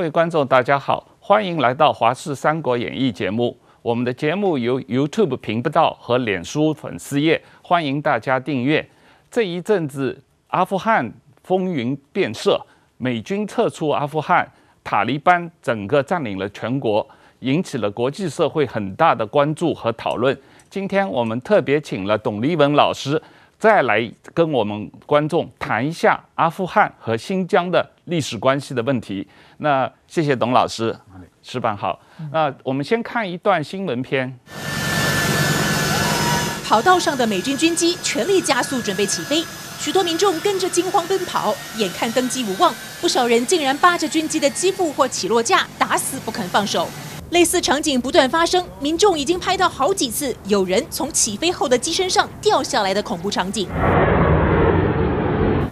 各位觀眾，大家好，歡迎來到華視《三國演議》節目。我們的節目由 YouTube 頻道和臉書粉絲頁歡迎大家訂閱。這一陣子，阿富汗風雲變色，美軍撤出阿富汗，塔利班整個佔領了全國，引起了國際社會很大的關注和討論。今天我們特別請了董立文老師。再來跟我們觀眾談一下阿富汗和新疆的歷史關係的問題。那謝謝董老師，矢板好。那我們先看一段新聞片。嗯、跑道上的美軍軍機全力加速準備起飛，許多民眾跟着驚慌奔跑，眼看登機無望，不少人竟然扒着軍機的機腹或起落架，打死不肯放手。類似場景不斷發生，民眾已經拍到好幾次有人從起飛後的機身上掉下來的恐怖場景。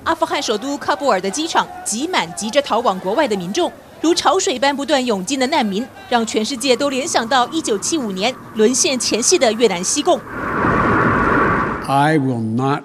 阿富汗首都喀布爾的機場擠滿急着逃往國外的民眾，如潮水般不斷湧進的難民，讓全世界都聯想到1975年淪陷前夕的越南西貢。I will not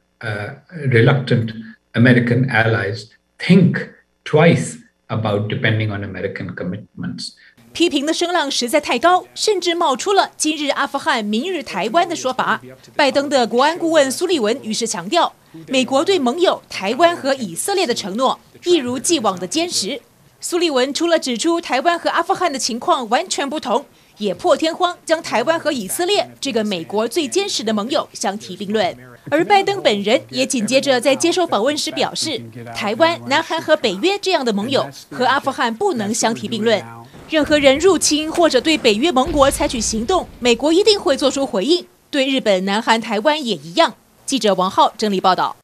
呃，reluctant American allies think twice about depending on American commitments。批評的聲浪實在太高，甚至冒出了“今日阿富汗，明日台灣”的說法。拜登的國安顧問蘇利文於是強調，美國對盟友台灣和以色列的承諾一如既往的堅實。蘇利文除了指出台灣和阿富汗的情況完全不同，也破天荒將台灣和以色列這個美國最堅實的盟友相提並論。而拜登本人也緊接着在接受訪問時表示：“台灣、南韓和北約這樣的盟友和阿富汗不能相提並論。任何人入侵或者對北約盟國採取行動，美國一定會做出回應。對日本、南韓、台灣也一樣。”記者王浩整理報道。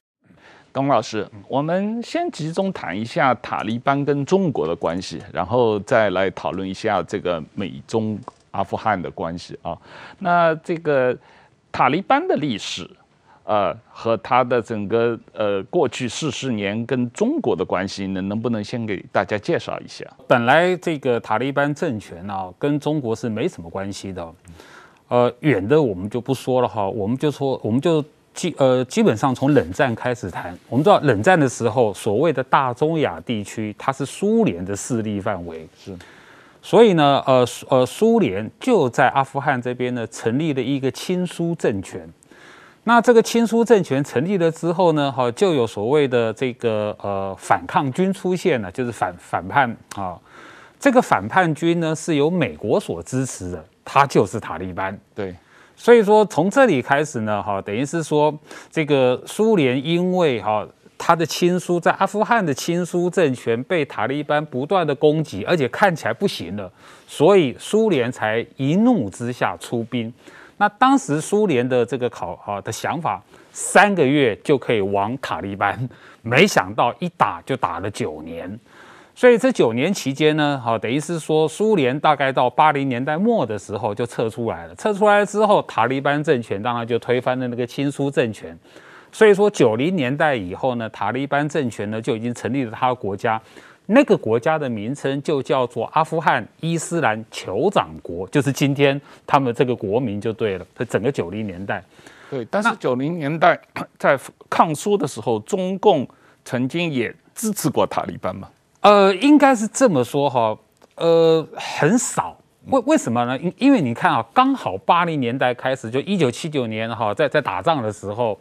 董老師，我們先集中談一下塔利班跟中國的關係，然後再來討論一下這個美中阿富汗的關係啊。那這個塔利班的歷史。呃，和他的整個呃過去四十年跟中國的關係呢，能能不能先給大家介紹一下？本來這個塔利班政權呢、啊，跟中國是沒什麼關係的，呃，遠的我們就不說了哈，我們就說，我們就基呃基本上從冷戰開始談。我們知道冷戰的時候，所謂的大中亞地區，它是蘇聯的勢力範圍，是，所以呢，呃，呃，蘇聯就在阿富汗這邊呢，成立了一個親蘇政權。那這個親蘇政權成立了之後呢，哈、哦、就有所謂的這個呃反抗軍出現了，就是反反叛啊、哦。這個反叛軍呢是由美國所支持的，他就是塔利班。對，所以說從這裡開始呢，哈、哦、等於是說這個蘇聯因為哈、哦、他的親蘇在阿富汗的親蘇政權被塔利班不斷的攻擊，而且看起來不行了，所以蘇聯才一怒之下出兵。那當時蘇聯的這個考哈的想法，三個月就可以亡塔利班，沒想到一打就打了九年，所以這九年期間呢，哈，等於是說蘇聯大概到八零年代末的時候就撤出來了，撤出來之後，塔利班政權當然就推翻了那個親蘇政權，所以說九零年代以後呢，塔利班政權呢就已經成立了他的國家。那個國家的名稱就叫做阿富汗伊斯蘭酋長國，就是今天他們這個國名就對了。所以整個九零年代，對。但是九零年代那在抗蘇的時候，中共曾經也支持過塔利班嗎？呃，應該是這麼說哈。呃，很少。為為什麼呢？因因為你看啊，剛好八零年代開始，就一九七九年哈，在在打仗的時候。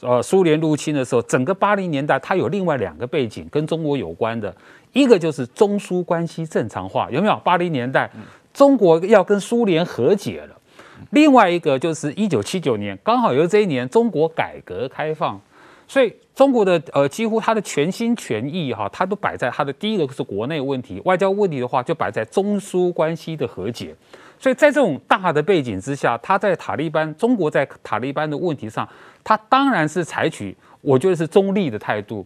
呃，蘇聯入侵的時候，整個八零年代，它有另外兩個背景跟中國有關的，一個就是中蘇關係正常化，有沒有？八零年代，中國要跟蘇聯和解了。另外一個就是一九七九年，剛好由這一年，中國改革開放，所以中國的呃，幾乎它的全心全意哈，它都擺在它的第一個是國內問題，外交問題的話，就擺在中蘇關係的和解。所以在這種大的背景之下，他在塔利班，中國在塔利班的問題上，他當然是採取我覺得是中立的態度。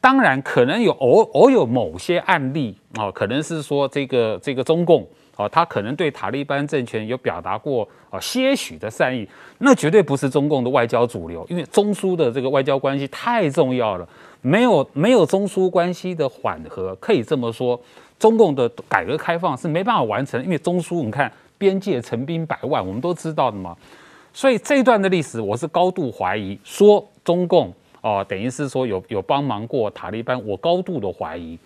當然，可能有偶偶有某些案例啊、哦，可能是說這個這個中共啊、哦，他可能對塔利班政權有表達過啊、哦、些許的善意，那絕對不是中共的外交主流，因為中蘇的這個外交關係太重要了，沒有沒有中蘇關係的緩和，可以這麼說，中共的改革開放是沒辦法完成，因為中蘇，你看。邊界陳兵百萬，我們都知道的嘛，所以這一段的歷史我是高度懷疑，說中共哦、呃，等於是說有有幫忙過塔利班，我高度的懷疑。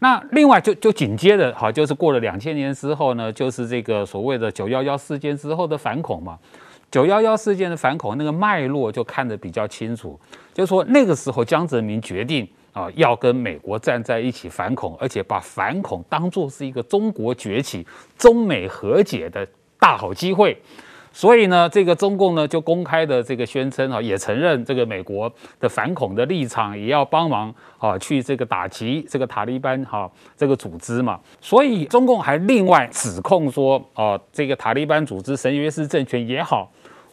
那另外就就緊接着哈，就是過了兩千年之後呢，就是這個所謂的九一一事件之後的反恐嘛，九一一事件的反恐那個脈絡就看得比較清楚，就是、說那個時候江澤民決定。啊，要跟美國站在一起反恐，而且把反恐當作是一個中國崛起、中美和解的大好機會，所以呢，這個中共呢就公開的這個宣稱啊，也承認這個美國的反恐的立場，也要幫忙啊去這個打擊這個塔利班哈、啊、這個組織嘛。所以中共還另外指控說，啊，這個塔利班組織、神學士政權也好。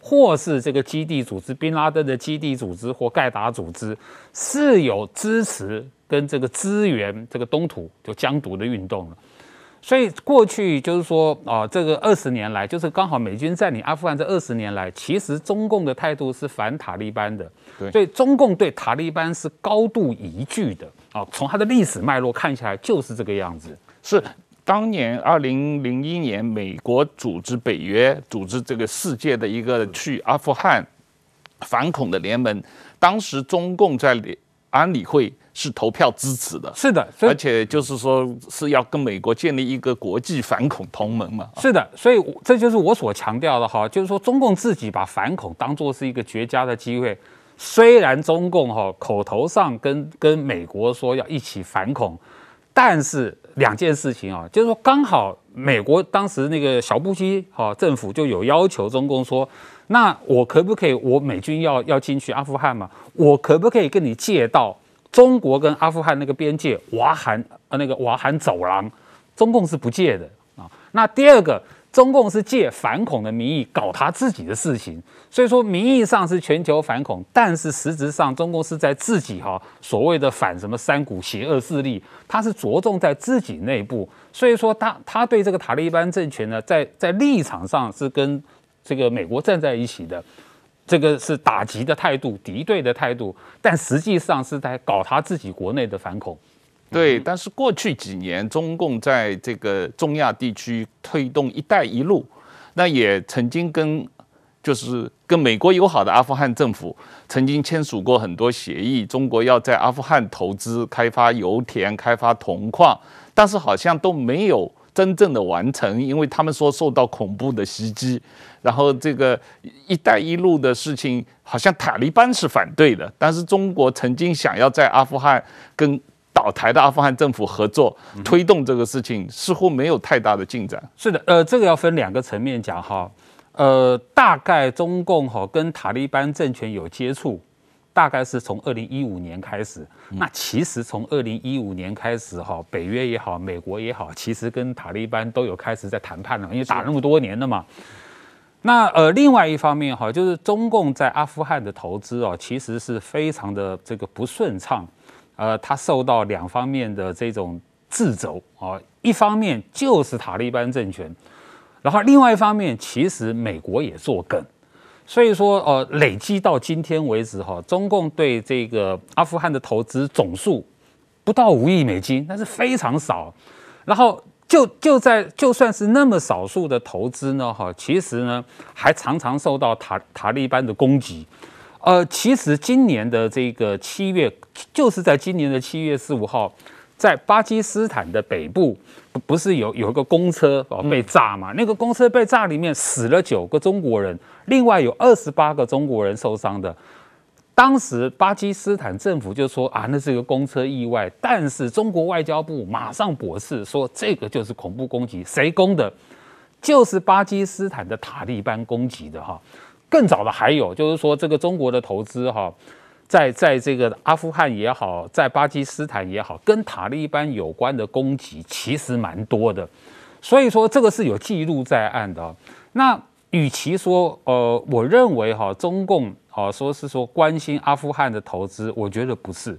或是這個基地組織、賓拉登的基地組織或蓋達組織是有支持跟這個支援這個東土就疆獨的運動了，所以過去就是說啊、呃，這個二十年來，就是剛好美軍佔領阿富汗這二十年來，其實中共的態度是反塔利班的，對，所以中共對塔利班是高度疑懼的啊、呃。從他的歷史脈絡看起來，就是這個樣子，是。當年二零零一年，美國組織北約組織這個世界的一個去阿富汗反恐的聯盟，當時中共在安理會是投票支持的，是的，而且就是說是要跟美國建立一個國際反恐同盟嘛，是的，所以這就是我所強調的哈，就是說中共自己把反恐當作是一個絕佳的機會，雖然中共哈口頭上跟跟美國說要一起反恐，但是。兩件事情啊，就是說，剛好美國當時那個小布什哈、啊、政府就有要求中共說，那我可不可以我美軍要要進去阿富汗嘛？我可不可以跟你借道中國跟阿富汗那個邊界瓦罕、呃、那個瓦罕走廊？中共是不借的啊。那第二個，中共是借反恐的名義搞他自己的事情。所以說名義上是全球反恐，但是實質上中共是在自己哈所謂的反什麼三股邪惡勢力，它是着重在自己內部。所以說他他對這個塔利班政權呢，在在立場上是跟這個美國站在一起的，這個是打擊的態度、敵對的態度，但實際上是在搞他自己國內的反恐。對，但是過去幾年中共在這個中亞地區推動“一帶一路”，那也曾經跟。就是跟美國友好的阿富汗政府曾經簽署過很多協議，中國要在阿富汗投資開發油田、開發銅礦，但是好像都沒有真正的完成，因為他們說受到恐怖的襲擊。然後這個“一帶一路”的事情，好像塔利班是反對的，但是中國曾經想要在阿富汗跟倒台的阿富汗政府合作推動這個事情，似乎沒有太大的進展。是的，呃，這個要分兩個層面講哈。呃，大概中共哈跟塔利班政權有接觸，大概是從二零一五年開始。嗯、那其實從二零一五年開始哈，北約也好，美國也好，其實跟塔利班都有開始在談判了，因為打了那麼多年了嘛。是的。那呃，另外一方面哈，就是中共在阿富汗的投資哦，其實是非常的這個不順暢。呃，它受到兩方面的這種掣肘啊，一方面就是塔利班政權。然後另外一方面，其實美國也做梗，所以說呃，累積到今天為止哈，中共對這個阿富汗的投資總數不到五億美金，但是非常少。然後就就在就算是那麼少數的投資呢，哈，其實呢還常常受到塔塔利班的攻擊。呃，其實今年的這個七月，就是在今年的七月十五號。在巴基斯坦的北部，不是有有一個公車哦，被炸嘛？嗯、那個公車被炸，裡面死了九個中國人，另外有二十八個中國人受傷的。當時巴基斯坦政府就說啊，那是一個公車意外。但是中國外交部馬上駁斥說，這個就是恐怖攻擊，誰攻的？就是巴基斯坦的塔利班攻擊的哈、哦。更早的還有就是說這個中國的投資哈、哦。在在這個阿富汗也好，在巴基斯坦也好，跟塔利班有關的攻擊其實蠻多的，所以說這個是有記錄在案的。那與其說呃，我認為哈、啊，中共啊說是說關心阿富汗的投資，我覺得不是，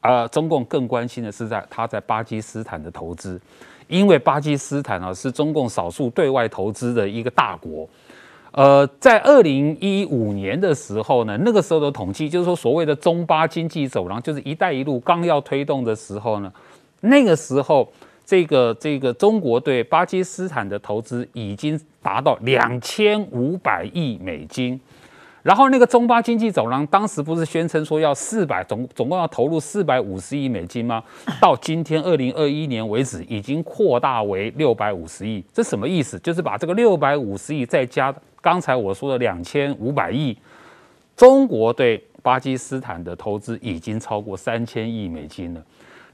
啊、呃，中共更關心的是在他在巴基斯坦的投資，因為巴基斯坦啊是中共少數對外投資的一個大國。呃，在二零一五年的時候呢，那個時候的統計就是說，所謂的中巴經濟走廊就是“一帶一路”剛要推動的時候呢，那個時候，這個這個中國對巴基斯坦的投資已經達到兩千五百億美金。然後，那個中巴經濟走廊當時不是宣稱說要四百，總，總共要投入四百五十億美金嗎？到今天二零二一年為止，已經擴大為六百五十億。這什麼意思？就是把這個六百五十億再加。剛才我說的兩千五百億，中國對巴基斯坦的投資已經超過三千億美金了。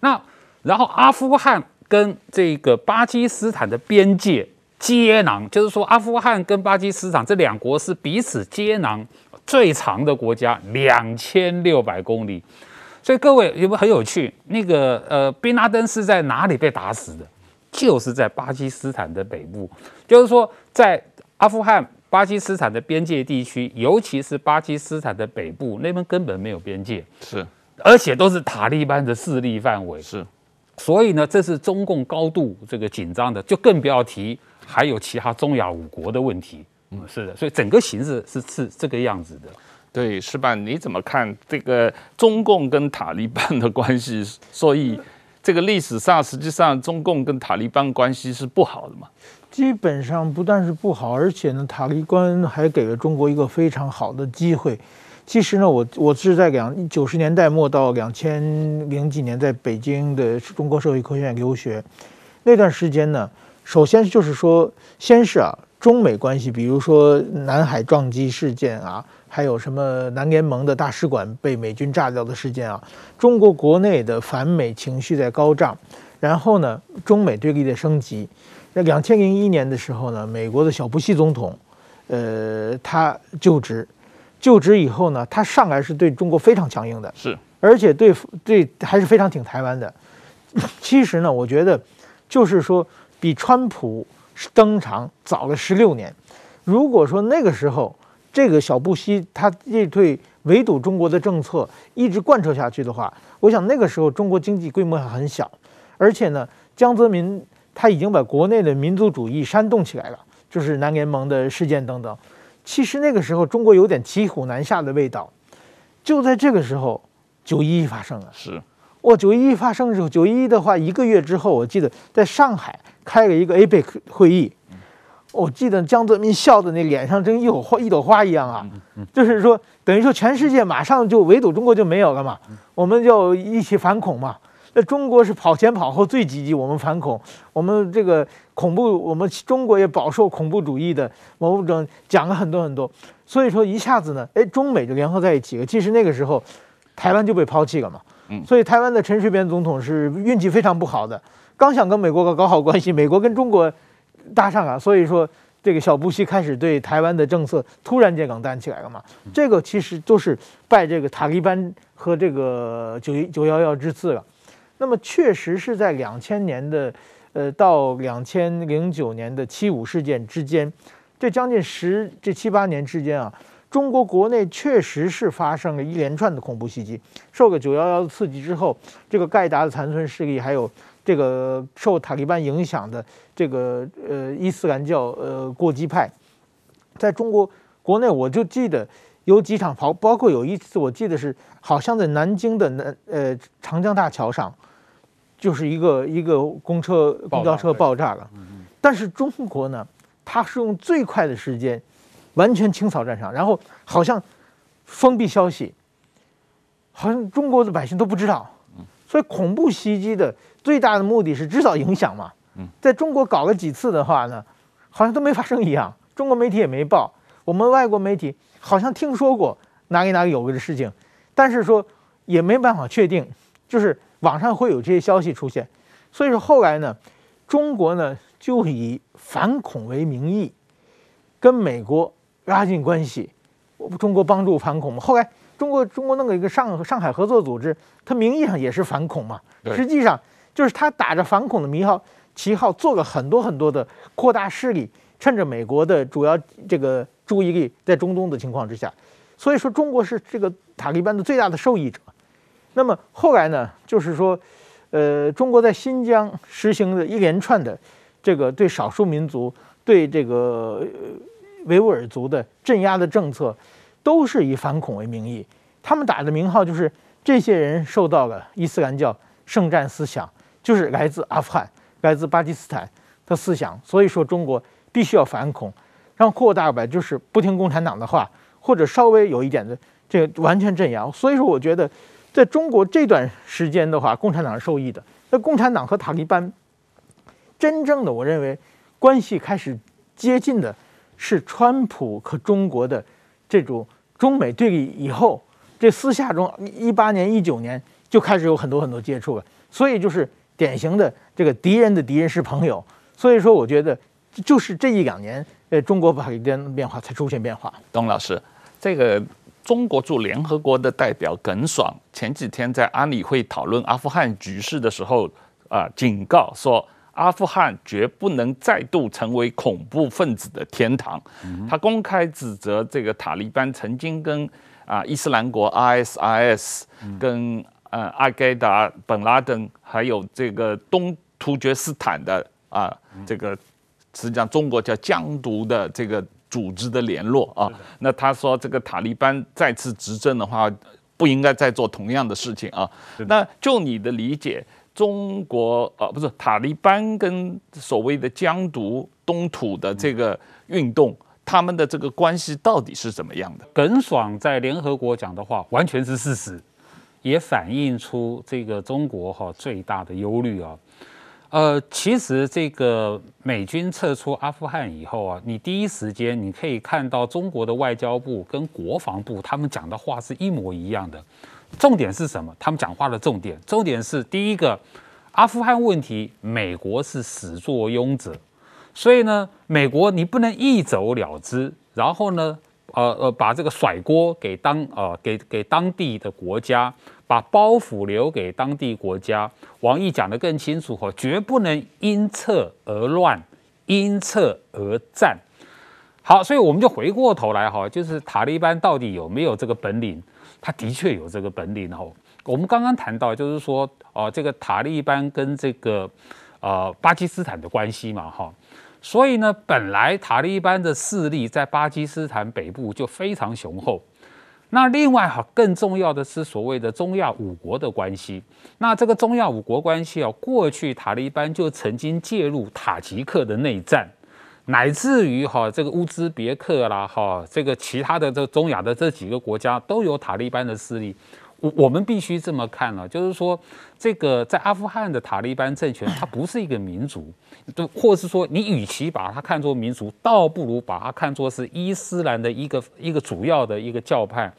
那然後阿富汗跟這個巴基斯坦的邊界接壤，就是說阿富汗跟巴基斯坦這兩國是彼此接壤最長的國家，兩千六百公里。所以各位有沒有很有趣？那個呃，賓拉登是在哪裡被打死的？就是在巴基斯坦的北部，就是說在阿富汗。巴基斯坦的邊界地區，尤其是巴基斯坦的北部，那邊根本沒有邊界，是，而且都是塔利班的勢力範圍，是。所以呢，這是中共高度這個緊張的，就更不要提還有其他中亞五國的問題。嗯，是的，所以整個形勢是是這個樣子的。對，矢板，你怎麼看這個中共跟塔利班的關係？所以，這個歷史上實際上中共跟塔利班關係是不好的嘛。基本上不但是不好，而且呢，塔利班還給了中國一個非常好的機會。其實呢，我我是在兩九十年代末到兩千零幾年在北京的中國社會科學院留學，那段時間呢，首先就是說，先是啊，中美關係，比如說南海撞擊事件啊，還有什麼南聯盟的大使館被美軍炸掉的事件啊，中國國內的反美情緒在高漲，然後呢，中美對立的升級。在兩千零一年的時候呢，美國的小布希總統，呃，他就職，就職以後呢，他上來是對中國非常強硬的，是，而且對對還是非常挺台灣的。其實呢，我覺得就是說比川普登場早了十六年。如果說那個時候這個小布希他這對圍堵中國的政策一直貫徹下去的話，我想那個時候中國經濟規模還很小，而且呢，江澤民。他已經把國內的民族主義煽動起來了，就是南聯盟的事件等等。其實那個時候中國有點騎虎難下的味道。就在這個時候，九一一發生了。是，哇、哦，九一一發生之後，九一一的話一個月之後，我記得在上海開了一個 APEC 會議。嗯、我記得江澤民笑的那臉上真一朵花一朵花一樣啊，嗯嗯、就是說等於說全世界馬上就圍堵中國就沒有了嘛，我們就一起反恐嘛。那中國是跑前跑後最積極，我們反恐，我們這個恐怖，我們中國也飽受恐怖主義的某種講了很多很多，所以說一下子呢，哎，中美就聯合在一起了。其實那個時候，台灣就被拋棄了嘛，所以台灣的陳水扁總統是運氣非常不好的，剛想跟美國搞好關係，美國跟中國搭上了，所以說這個小布希開始對台灣的政策突然間冷淡起來了嘛，這個其實就是拜這個塔利班和這個九一九幺幺之賜了。那麼確實是在兩千年的，呃，到兩千零九年的七五事件之間，這將近十這七八年之間啊，中國國內確實是發生了一連串的恐怖襲擊。受個九一一的刺激之後，這個蓋達的殘存勢力還有這個受塔利班影響的這個呃伊斯蘭教呃過激派，在中國國內，我就記得有幾場，包包括有一次，我記得是好像在南京的南呃長江大橋上。就是一個一個公車公交車爆炸了，嗯嗯、但是中國呢，它是用最快的時間，完全清掃戰場，然後好像，封閉消息，好像中國的百姓都不知道。嗯、所以恐怖襲擊的最大的目的是製造影響嘛。嗯、在中國搞了幾次的話呢，好像都沒發生一樣，中國媒體也沒報，我們外國媒體好像聽說過哪裡哪裡有個的事情，但是說也沒辦法確定，就是。網上會有這些消息出現，所以說後來呢，中國呢就以反恐為名義，跟美國拉近關係。中國幫助反恐嘛。後來中國中國弄了一個上上海合作組織，它名義上也是反恐嘛，實際上就是它打着反恐的名號旗號，做了很多很多的擴大勢力，趁着美國的主要這個注意力在中東的情況之下，所以說中國是這個塔利班的最大的受益者。那麼後來呢，就是說，呃，中國在新疆實行的一連串的這個對少數民族、對這個、呃、維吾爾族的鎮壓的政策，都是以反恐為名義。他們打的名號就是，這些人受到了伊斯蘭教聖戰思想，就是來自阿富汗、來自巴基斯坦的思想。所以說，中國必須要反恐，讓擴大吧，就是不聽共產黨的話，或者稍微有一點的這個完全鎮壓。所以說，我覺得。在中國這段時間的話，共產黨是受益的。那共產黨和塔利班，真正的我認為關係開始接近的，是川普和中國的這種中美對立以後，這私下中一八年、一九年就開始有很多很多接觸了。所以就是典型的這個敵人的敵人是朋友。所以說，我覺得就是這一兩年，呃，中國巴基斯坦的變化才出現變化。董老師，這個。中國駐聯合國的代表耿爽前幾天在安理會討論阿富汗局勢的時候，啊、呃，警告說阿富汗絕不能再度成為恐怖分子的天堂。他公開指責這個塔利班曾經跟啊、呃、伊斯蘭國 （ISIS） 跟呃阿蓋達本拉登，還有這個東突厥斯坦的啊、呃、這個，實際上中國叫疆獨的這個。組織的聯絡啊，那他說這個塔利班再次執政的話，不應該再做同樣的事情啊。那就你的理解，中國呃、啊、不是塔利班跟所謂的疆獨東土的這個運動，他們的這個關係到底是怎麼樣的？耿爽在聯合國講的話完全是事實，也反映出這個中國哈最大的憂慮啊。呃，其實這個美軍撤出阿富汗以後啊，你第一時間你可以看到中國的外交部跟國防部他們講的話是一模一樣的。重點是什麼？他們講話的重點，重點是第一個，阿富汗問題美國是始作俑者，所以呢，美國你不能一走了之，然後呢，呃呃，把這個甩鍋給當啊、呃、給給當地的國家。把包袱留給當地國家。王毅講得更清楚哈，絕不能因撤而亂，因撤而戰。好，所以我們就回過頭來哈，就是塔利班到底有沒有這個本領？他的確有這個本領哈。我們剛剛談到，就是說，哦，這個塔利班跟這個呃巴基斯坦的關係嘛哈。所以呢，本來塔利班的勢力在巴基斯坦北部就非常雄厚。那另外哈、啊，更重要的是所謂的中亞五國的關係。那這個中亞五國關係啊，過去塔利班就曾經介入塔吉克的內戰，乃至於哈、啊、這個烏茲別克啦，哈、啊、這個其他的這中亞的這幾個國家都有塔利班的勢力。我我們必須這麼看了啊，就是說，這個在阿富汗的塔利班政權，它不是一個民族，對，或者是說，你與其把它看作民族，倒不如把它看作是伊斯蘭的一個一個主要的一個教派，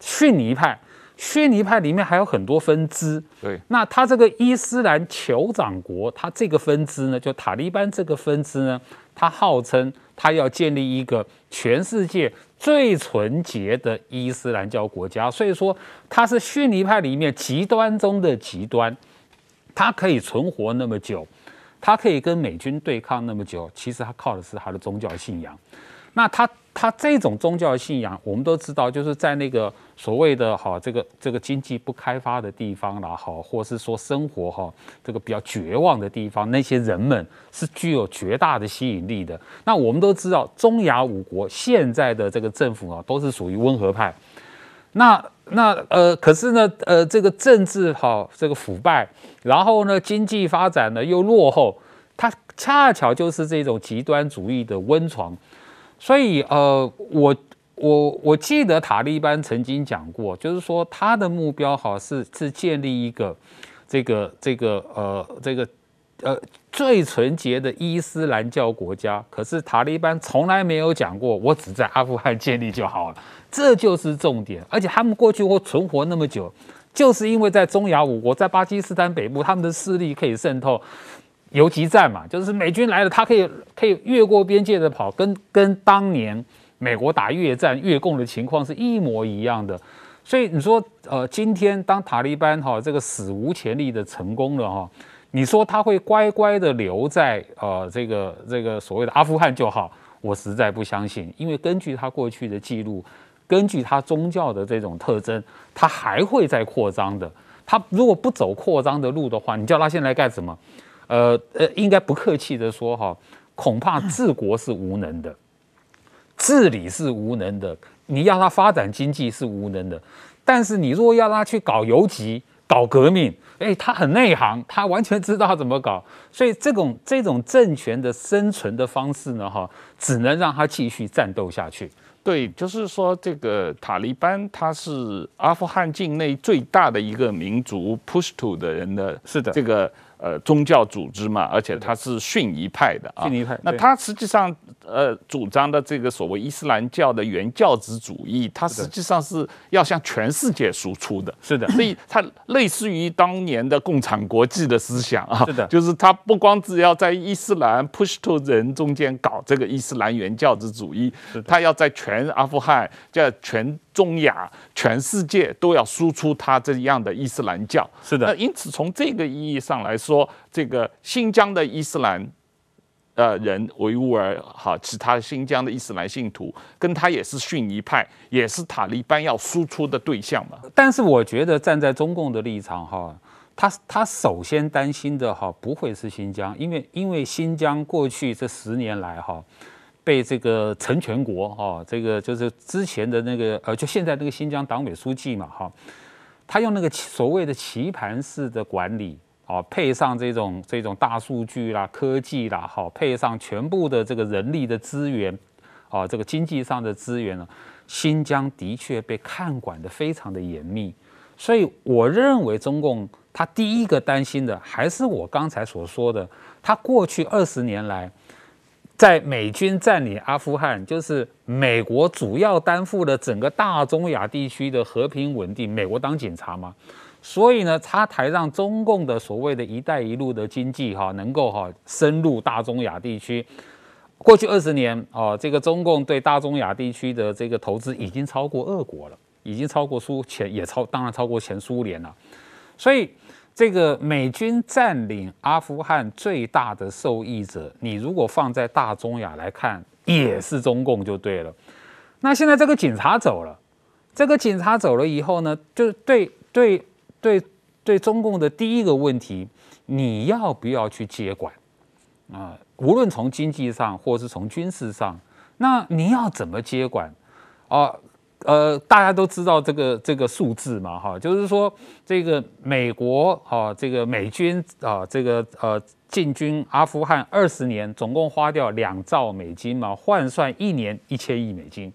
遜尼派，遜尼派裡面還有很多分支，對，那他這個伊斯蘭酋長國，他這個分支呢，就塔利班這個分支呢。他號稱他要建立一個全世界最純潔的伊斯蘭教國家，所以說他是遜尼派裡面極端中的極端。他可以存活那麼久，他可以跟美軍對抗那麼久，其實他靠的是他的宗教信仰。那他他這種宗教信仰，我們都知道，就是在那個所謂的“好”這個這個經濟不開發的地方啦，好，或是說生活哈這個比較絕望的地方，那些人們是具有絕大的吸引力的。那我們都知道，中亞五國現在的這個政府啊，都是屬於溫和派。那那呃，可是呢，呃，這個政治好，這個腐敗，然後呢，經濟發展呢又落後，它恰巧就是這種極端主義的溫床。所以，呃，我我我記得塔利班曾經講過，就是說他的目標好是是建立一個這個這個呃這個呃最純潔的伊斯蘭教國家。可是塔利班從來沒有講過，我只在阿富汗建立就好了，這就是重點。而且他們過去會存活那麼久，就是因為在中亞五國，在巴基斯坦北部，他們的勢力可以滲透。游擊戰嘛，就是美軍來了，他可以可以越過邊界的跑，跟跟當年美國打越戰越共的情況是一模一樣的。所以你說，呃，今天當塔利班哈、哦、這個史無前例的成功了哈、哦，你說他會乖乖的留在呃這個這個所謂的阿富汗就好？我實在不相信，因為根據他過去的記錄，根據他宗教的這種特徵，他還會再擴張的。他如果不走擴張的路的話，你叫他現在幹什麼？呃呃，應該不客氣的說哈，恐怕治國是無能的，治理是無能的，你要他發展經濟是無能的，但是你若要他去搞游擊、搞革命，誒，他很內行，他完全知道怎麼搞，所以這種這種政權的生存的方式呢，哈，只能讓他繼續戰鬥下去。對，就是說這個塔利班他是阿富汗境內最大的一個民族普什圖的人的，是的，這個。呃，宗教組織嘛，而且它是遜尼派的啊。遜尼派，那他實際上呃，主張的這個所謂伊斯蘭教的原教旨主義，對對，他實際上是要向全世界輸出的。是的對，所以它類似於當年的共產國際的思想啊。是的對，就是他不光只要在伊斯蘭普什圖人中間搞這個伊斯蘭原教旨主義，對對，他要在全阿富汗，在全。中亞，全世界都要輸出他這樣的伊斯蘭教，是的。那因此，從這個意義上來說，這個新疆的伊斯蘭，呃，人維吾爾哈，其他新疆的伊斯蘭信徒，跟他也是遜尼派，也是塔利班要輸出的對象嘛。但是，我覺得站在中共的立場哈，他他首先擔心的哈，不會是新疆，因為因為新疆過去這十年來哈。被這個陳全國哈，哦，這個就是之前的那個呃，就現在那個新疆黨委書記嘛哈，哦，他用那個所謂的棋盤式的管理啊，哦，配上這種這種大數據啦、科技啦哈，哦，配上全部的這個人力的資源啊，哦，這個經濟上的資源呢，新疆的確被看管得非常的嚴密，所以我認為中共他第一個擔心的還是我剛才所說的，他過去二十年來。在美軍佔領阿富汗，就是美國主要擔負了整個大中亞地區的和平穩定。美國當警察嘛，所以呢，他才讓中共的所謂的一帶一路的經濟哈，能夠哈深入大中亞地區。過去二十年啊，這個中共對大中亞地區的這個投資已經超過俄國了，已經超過蘇前也超，當然超過前蘇聯了，所以。這個美軍占領阿富汗最大的受益者，你如果放在大中亞來看，也是中共就對了。那現在這個警察走了，這個警察走了以後呢，就對對對對，對中共的第一個問題，你要不要去接管啊？無論從經濟上或是從軍事上，那你要怎麼接管啊？呃，大家都知道這個這個數字嘛，哈，就是說這個美國啊，這個美軍啊，這個呃，進軍阿富汗二十年，總共花掉兩兆美金嘛，換算一年一千億美金。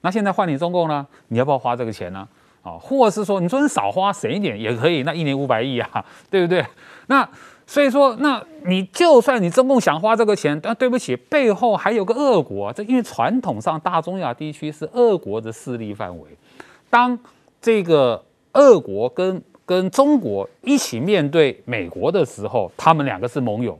那現在換你中共呢，你要不要花這個錢呢？啊，或是說你說你少花省一點也可以，那一年五百億啊，對不對？那。所以說，那你就算你中共想花這個錢，但對不起，背後還有個俄國。這因為傳統上大中亞地區是俄國的勢力範圍。當這個俄國跟跟中國一起面對美國的時候，他們兩個是盟友；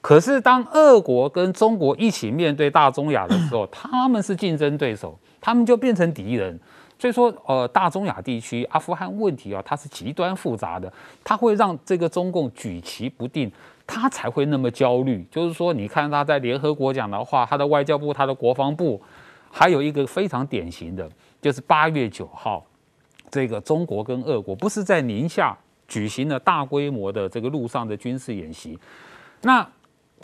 可是當俄國跟中國一起面對大中亞的時候，他們是競爭對手，他們就變成敵人。所以說，呃，大中亞地區阿富汗問題啊，它是極端複雜的，它會讓這個中共舉棋不定，它才會那麼焦慮。就是說，你看他在聯合國講的話，他的外交部、他的國防部，還有一個非常典型的，就是八月九號，這個中國跟俄國不是在寧夏舉行了大規模的這個陸上的軍事演習，那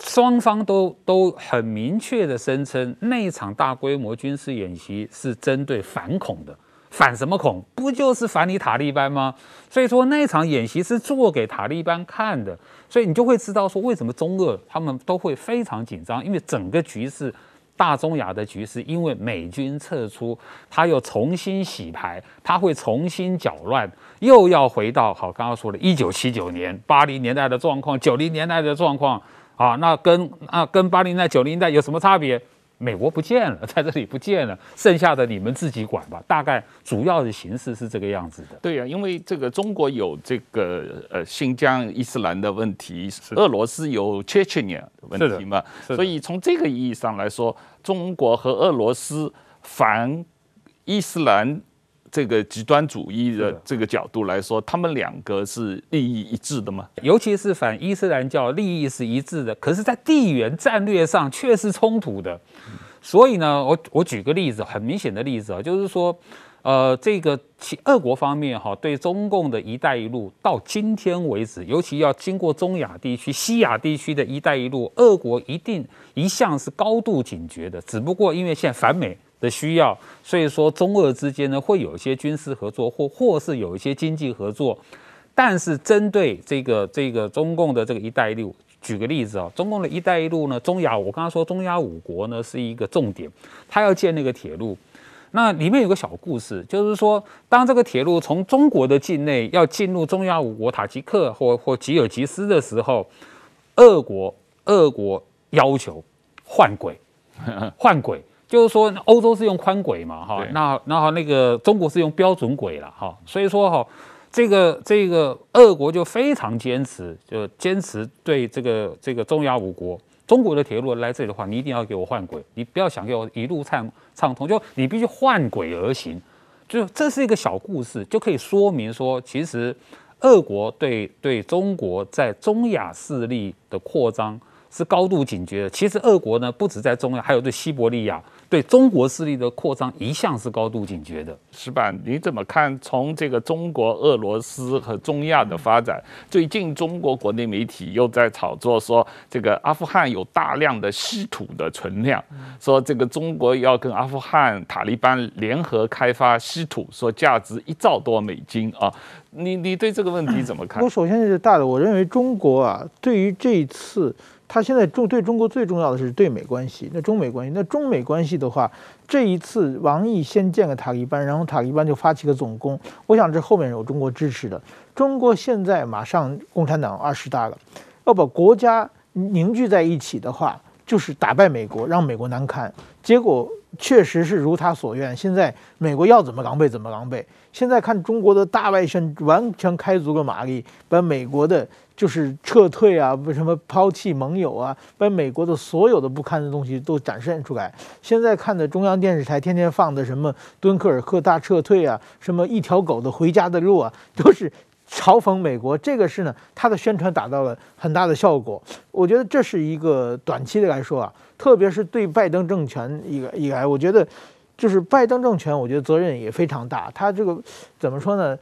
雙方都都很明確的聲稱，那一場大規模軍事演習是針對反恐的。反什麼恐？不就是反你塔利班嗎？所以說那場演習是做給塔利班看的，所以你就會知道說為什麼中俄他們都會非常緊張，因為整個局勢，大中亞的局勢，因為美軍撤出，他又重新洗牌，他會重新攪亂，又要回到好剛剛說的1979年、80年代的狀況、90年代的狀況啊，那跟啊，跟80年代、90年代有什麼差別？美國不見了，在這裡不見了，剩下的，你們自己管吧。大概主要的形勢是這個樣子的。對呀、啊，因為這個中國有這個呃新疆伊斯蘭的問題，是的俄羅斯有車臣問題嘛，所以從這個意義上來說，中國和俄羅斯反伊斯蘭。這個極端主義的這個角度來說，他們兩個是利益一致的嗎？尤其是反伊斯蘭教，利益是一致的，可是，在地緣戰略上卻是衝突的。嗯、所以呢，我我舉個例子，很明顯的例子啊，就是說，呃，這個俄國方面哈、啊，對中共的一帶一路，到今天為止，尤其要經過中亞地區、西亞地區的一帶一路，俄國一定一向是高度警覺的。只不過因為現在反美。的需要，所以說中俄之間呢會有一些軍事合作，或或是有一些經濟合作，但是針對這個這個中共的這個“一帶一路”，舉個例子啊，哦，中共的“一帶一路”呢，中亞，我剛剛說中亞五國呢是一個重點，他要建那個鐵路，那裡面有個小故事，就是說當這個鐵路從中國的境內要進入中亞五國塔吉克或或吉爾吉斯的時候，俄國俄國要求換軌，呵呵換軌。就是說，歐洲是用寬軌嘛，哈對，那那哈那個中國是用標準軌了，哈，所以說哈，這個這個俄國就非常堅持，就堅持對這個這個中亞五國中國的鐵路來這裡的話，你一定要給我換軌，你不要想給我一路暢暢通，就你必須換軌而行，就這是一個小故事，就可以說明說，其實俄國對對中國在中亞勢力的擴張。是高度警覺的。其實俄國呢，不止在中亞，還有對西伯利亞、對中國勢力的擴張，一向是高度警覺的，是吧？你怎麼看？從這個中國、俄羅斯和中亞的發展，最近中國國內媒體又在炒作說，這個阿富汗有大量的稀土的存量，說這個中國要跟阿富汗塔利班聯合開發稀土，說價值一兆多美金啊！你你對這個問題怎麼看？我首先是大的，我認為中國啊，對於這一次。他現在就對中國最重要的是對美關係。那中美關係，那中美關係的話，這一次王毅先見了塔利班，然後塔利班就發起了總攻。我想這後面有中國支持的。中國現在馬上共產黨二十大了，要把國家凝聚在一起的話，就是打敗美國，讓美國難堪。結果確實是如他所願，現在美國要怎麼狼狽怎麼狼狽。現在看中國的大外宣完全開足了馬力，把美國的就是撤退啊，為什麼拋棄盟友啊，把美國的所有的不堪的東西都展現出來。現在看的中央電視台天天放的什麼敦刻爾克大撤退啊，什麼一條狗的回家的路啊，都是嘲諷美國。這個是呢，它的宣傳達到了很大的效果。我覺得這是一個短期的來說啊，特別是對拜登政權以來以來，我覺得。就是拜登政權，我覺得責任也非常大。他這個怎麼說呢？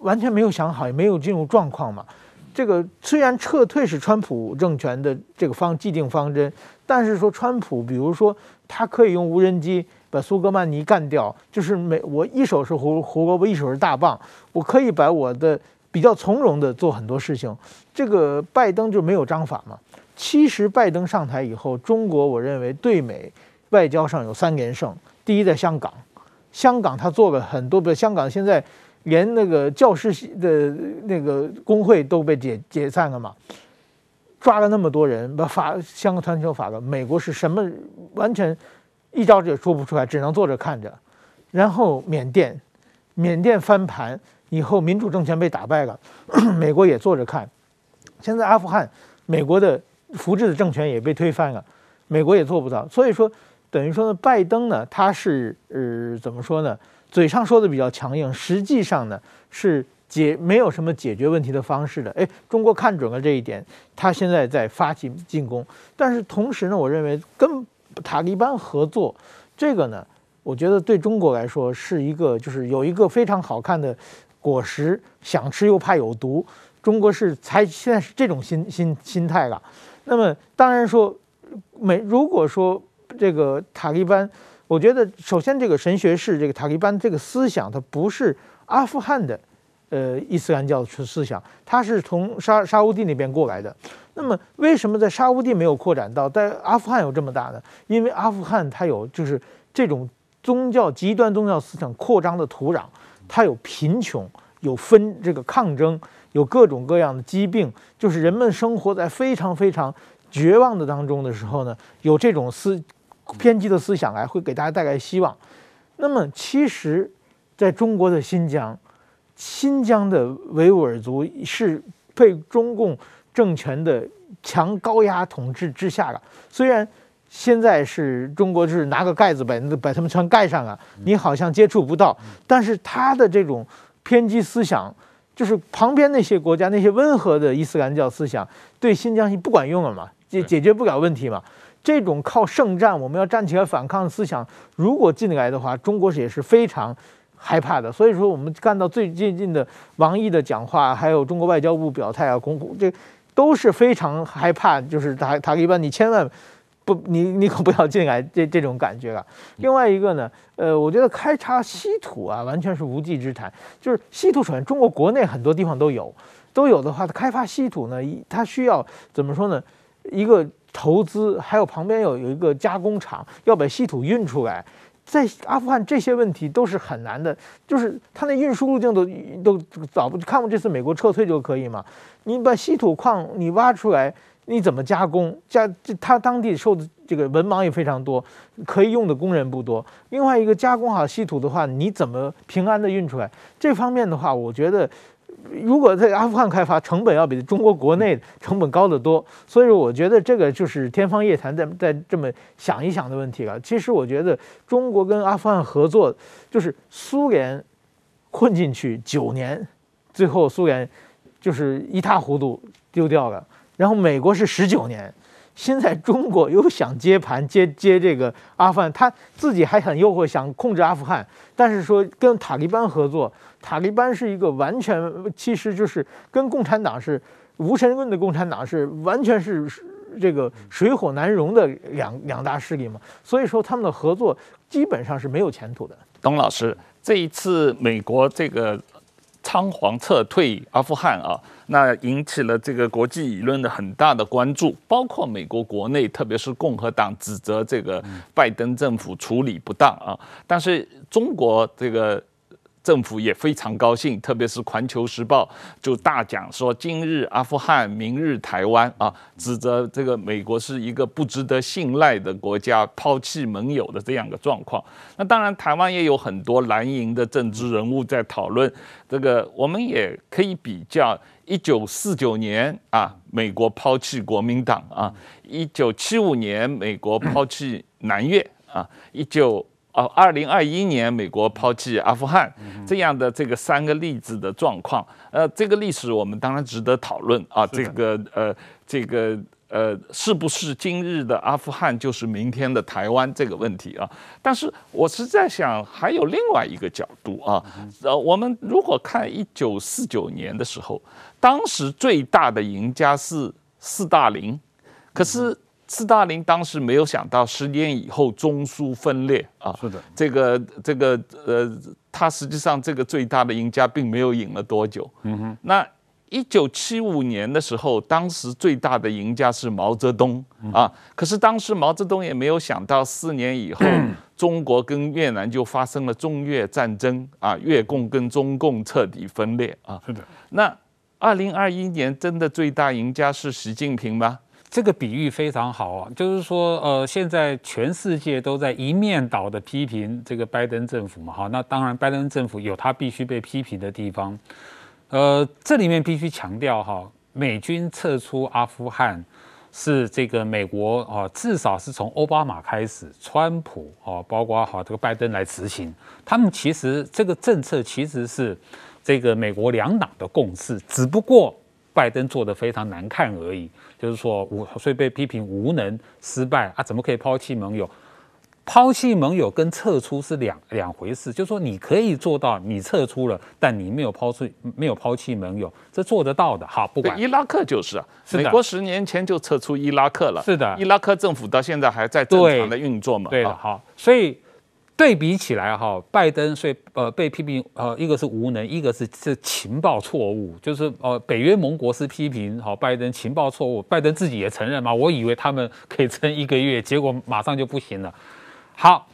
完全沒有想好，也沒有進入狀況嘛。這個雖然撤退是川普政權的這個方既定方針，但是說川普，比如說他可以用無人機把蘇格曼尼幹掉，就是美我一手是胡蘿蔔，一手是大棒，我可以把我的比較從容地做很多事情。這個拜登就沒有章法嘛。其實拜登上台以後，中國我認為對美外交上有三連勝。第一，在香港，香港他做了很多，不，香港現在連那個教師的那個工會都被解解散了嘛，抓了那麼多人，把法香港團腐法了。美國是什麼？完全一招也說不出來，只能坐着看着。然後緬甸，緬甸翻盤以後，民主政權被打敗了咳咳，美國也坐着看。現在阿富汗，美國的扶植的政權也被推翻了，美國也做不到。所以說。等於說呢，拜登呢，他是呃怎麼說呢？嘴上說的比較強硬，實際上呢是解沒有什麼解決問題的方式的。誒，中國看準了這一點，他現在在發起進攻。但是同時呢，我認為跟塔利班合作這個呢，我覺得對中國來說是一個就是有一個非常好看的果實，想吃又怕有毒。中國是才現在是這種心心心態了。那麼當然說，沒如果說。這個塔利班，我覺得首先這個神學士這個塔利班這個思想，它不是阿富汗的，呃，伊斯蘭教的思想，它是從沙沙烏地那邊過來的。那麼為什麼在沙烏地沒有擴展到在阿富汗有這麼大呢？因為阿富汗它有就是這種宗教極端宗教思想擴張的土壤，它有貧窮，有紛這個抗爭，有各種各樣的疾病，就是人們生活在非常非常絕望的當中的時候呢，有這種思。偏激的思想來會給大家帶來希望，那麼其實，在中國的新疆，新疆的維吾爾族是被中共政權的強高壓統治之下了。雖然現在是中國，就是拿個蓋子把把他們全蓋上了，你好像接觸不到，但是他的這種偏激思想，就是旁邊那些國家那些溫和的伊斯蘭教思想，對新疆你不管用了嘛？解解決不了問題嘛？這種靠聖戰，我們要站起來反抗的思想，如果進來的話，中國也是非常害怕的。所以說，我們看到最近近的王毅的講話，還有中國外交部表態啊，這都是非常害怕，就是塔塔利班你千萬不，你你可不要進來這這種感覺啊。另外一個呢，呃，我覺得開採稀土啊，完全是無稽之談。就是稀土，首先中國國內很多地方都有，都有的話，它開發稀土呢，它需要怎麼說呢？一個。投資還有旁邊有有一個加工廠，要把稀土運出來，在阿富汗這些問題都是很難的，就是它那運輸路徑都都早不看過。這次美國撤退就可以嘛？你把稀土礦你挖出來，你怎麼加工？加這它當地受的這個文盲也非常多，可以用的工人不多。另外一個加工好稀土的話，你怎麼平安的運出來？這方面的話，我覺得如果在阿富汗開發，成本要比中國國內成本高得多，所以我覺得這個就是天方夜譚在，在在這麼想一想的問題了。其實我覺得中國跟阿富汗合作，就是蘇聯困進去九年，最後蘇聯就是一塌糊塗丟掉了，然後美國是十九年。現在中國又想接盤，接接這個阿富汗，他自己還很誘惑，想控制阿富汗，但是說跟塔利班合作，塔利班是一個完全其實就是跟共產黨是無神論的共產黨是完全是這個水火難容的兩兩大勢力嘛，所以說他們的合作基本上是沒有前途的。董老師，這一次美國這個。倉皇撤退阿富汗啊，那引起了這個國際輿論的很大的關注，包括美國國內，特別是共和黨指責這個拜登政府處理不當啊。但是中國這個。政府也非常高興，特別是《環球時報》就大講說：“今日阿富汗，明日台灣啊！”指責這個美國是一個不值得信賴的國家，拋棄盟友的這樣的狀況。那當然，台灣也有很多藍營的政治人物在討論這個。我們也可以比較：一九四九年啊，美國拋棄國民黨啊；一九七五年，美國拋棄南越啊；一九。哦，二零二一年美國拋棄阿富汗、嗯、哼這樣的這個三個例子的狀況，呃，這個歷史我們當然值得討論啊。的這個呃，這個呃，是不是今日的阿富汗就是明天的台灣這個問題啊？但是我是在想，還有另外一個角度啊。嗯、哼呃，我們如果看一九四九年的時候，當時最大的贏家是斯大林，可是、嗯。斯大林當時沒有想到，十年以後中蘇分裂啊。是的。這個，這個這個呃，他實際上這個最大的贏家並沒有贏了多久。嗯哼。那一九七五年的時候，當時最大的贏家是毛澤東啊。嗯哼。可是當時毛澤東也沒有想到，四年以後，嗯哼，中國跟越南就發生了中越戰爭啊，越共跟中共徹底分裂啊。是的。那二零二一年真的最大贏家是習近平嗎？這個比喻非常好啊，就是說，呃，現在全世界都在一面倒的批評這個拜登政府嘛，哈，那當然拜登政府有他必須被批評的地方，呃，這裡面必須強調哈，美軍撤出阿富汗是這個美國啊，至少是從歐巴馬開始，川普啊，包括哈這個拜登來執行，他們其實這個政策其實是這個美國兩黨的共識，只不過。拜登做得非常難看而已，就是說無，所以被批評無能、失敗啊，怎麼可以拋棄盟友？拋棄盟友跟撤出是兩兩回事，就是說你可以做到，你撤出了，但你沒有拋出，沒有拋棄盟友，這做得到的。好，不管伊拉克就是啊，是的，美國十年前就撤出伊拉克了，是的，伊拉克政府到現在還在正常的運作嘛？對的，好，所以。對比起來哈，拜登所以呃被批評呃一個是無能，一個是是情報錯誤，就是呃北約盟國是批評哈拜登情報錯誤，拜登自己也承認嘛，我以為他們可以撐一個月，結果馬上就不行了。好，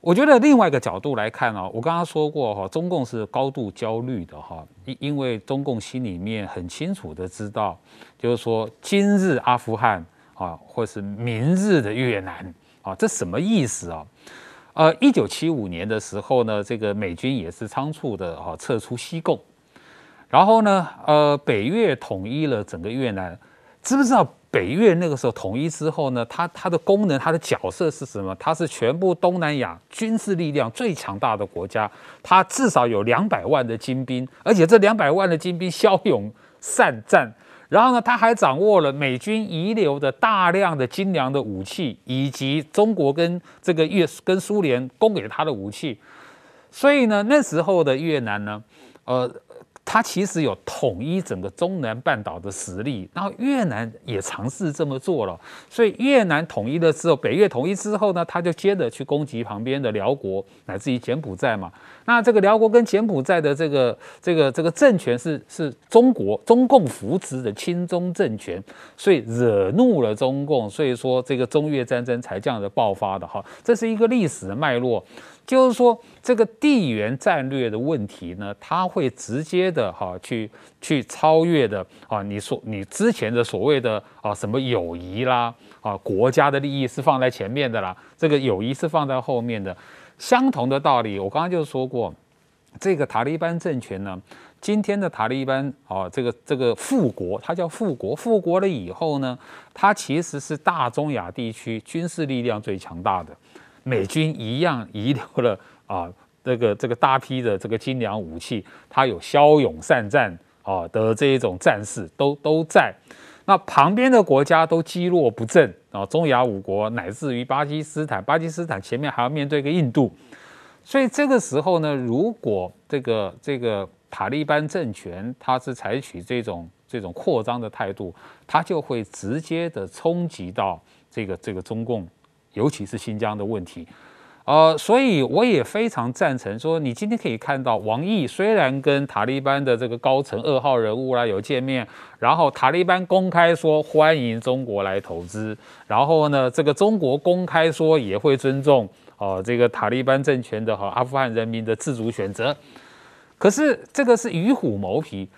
我覺得另外一個角度來看啊，我剛剛說過哈，中共是高度焦慮的哈，因因為中共心裡面很清楚的知道，就是說今日阿富汗啊，或是明日的越南啊，這什麼意思啊？呃，一九七五年的時候呢，這個美軍也是倉促的啊、哦、撤出西貢，然後呢，呃，北越統一了整個越南，知不知道北越那個時候統一之後呢，它它的功能、它的角色是什麼？它是全部東南亞軍事力量最強大的國家，它至少有兩百萬的精兵，而且這兩百萬的精兵驍勇善戰。然後呢，他還掌握了美軍遺留的大量的精良的武器，以及中國跟這個越跟蘇聯供給他的武器，所以呢，那時候的越南呢，呃。他其實有統一整個中南半島的實力，然後越南也嘗試這麼做了，所以越南統一了之後，北越統一之後呢，他就接着去攻擊旁邊的寮國，乃至於柬埔寨嘛。那這個寮國跟柬埔寨的這個這個這個政權是是中國中共扶持的親中政權，所以惹怒了中共，所以說這個中越戰爭才這樣的爆發的哈，這是一個歷史的脈絡。就是說，這個地緣戰略的問題呢，它會直接的哈、啊、去去超越的啊！你說你之前的所謂的啊什麼友誼啦啊，國家的利益是放在前面的啦，這個友誼是放在後面的。相同的道理，我剛剛就說過，這個塔利班政權呢，今天的塔利班啊，這個這個復國，它叫復國，復國了以後呢，它其實是大中亞地區軍事力量最強大的。美軍一樣遺留了啊，這個這個大批的這個精良武器，它有驍勇善戰啊的這一種戰士都都在。那旁邊的國家都積弱不振啊，中亞五國乃至於巴基斯坦，巴基斯坦前面還要面對一個印度。所以這個時候呢，如果這個這個塔利班政權它是採取這種這種擴張的態度，它就會直接的衝擊到這個這個中共。尤其是新疆的問題，呃，所以我也非常贊成說，你今天可以看到，王毅雖然跟塔利班的這個高層二號人物啦有見面，然後塔利班公開說歡迎中國來投資，然後呢，這個中國公開說也會尊重哦、呃、這個塔利班政權的和阿富汗人民的自主選擇，可是這個是與虎謀皮。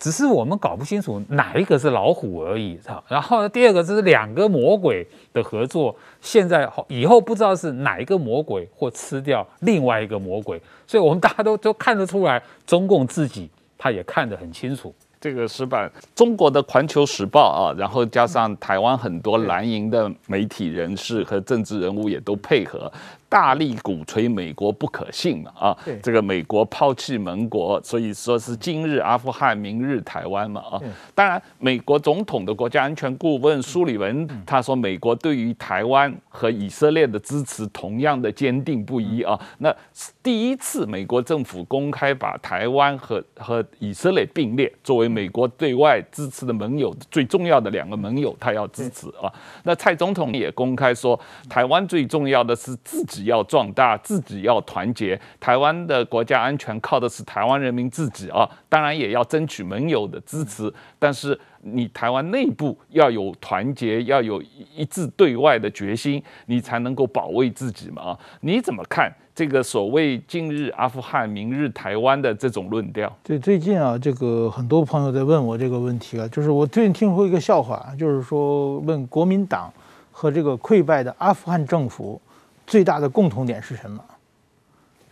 只是我們搞不清楚哪一個是老虎而已，然後呢，第二個，是兩個魔鬼的合作，現在以後不知道是哪一個魔鬼或吃掉另外一個魔鬼，所以我們大家都都看得出來，中共自己他也看得很清楚。這個矢板，中國的《環球時報》啊，然後加上台灣很多藍營的媒體人士和政治人物也都配合。大力鼓吹美國不可信嘛啊，對這個美國拋棄盟國。所以說是今日阿富汗，明日台灣嘛啊。對當然，美國總統的國家安全顧問蘇里文、嗯、他說，美國對於台灣和以色列的支持同樣的堅定不移啊。嗯、那，第一次，美國政府公開把台灣和和以色列並列作為美國對外支持的盟友，最重要的兩個盟友，他要支持啊。那蔡總統也公開說，台灣最重要的是自己要壯大，自己要團結。台灣的國家安全靠的是台灣人民自己啊，當然也要爭取盟友的支持。但是你台灣內部要有團結，要有一致對外的決心，你才能夠保衛自己嘛。啊，你怎麼看？這個所謂“今日阿富汗，明日台灣”的這種論調對，對最近啊，這個很多朋友在問我這個問題啊，就是我最近聽過一個笑話，就是說，問國民黨和這個潰敗的阿富汗政府最大的共同點是什麼？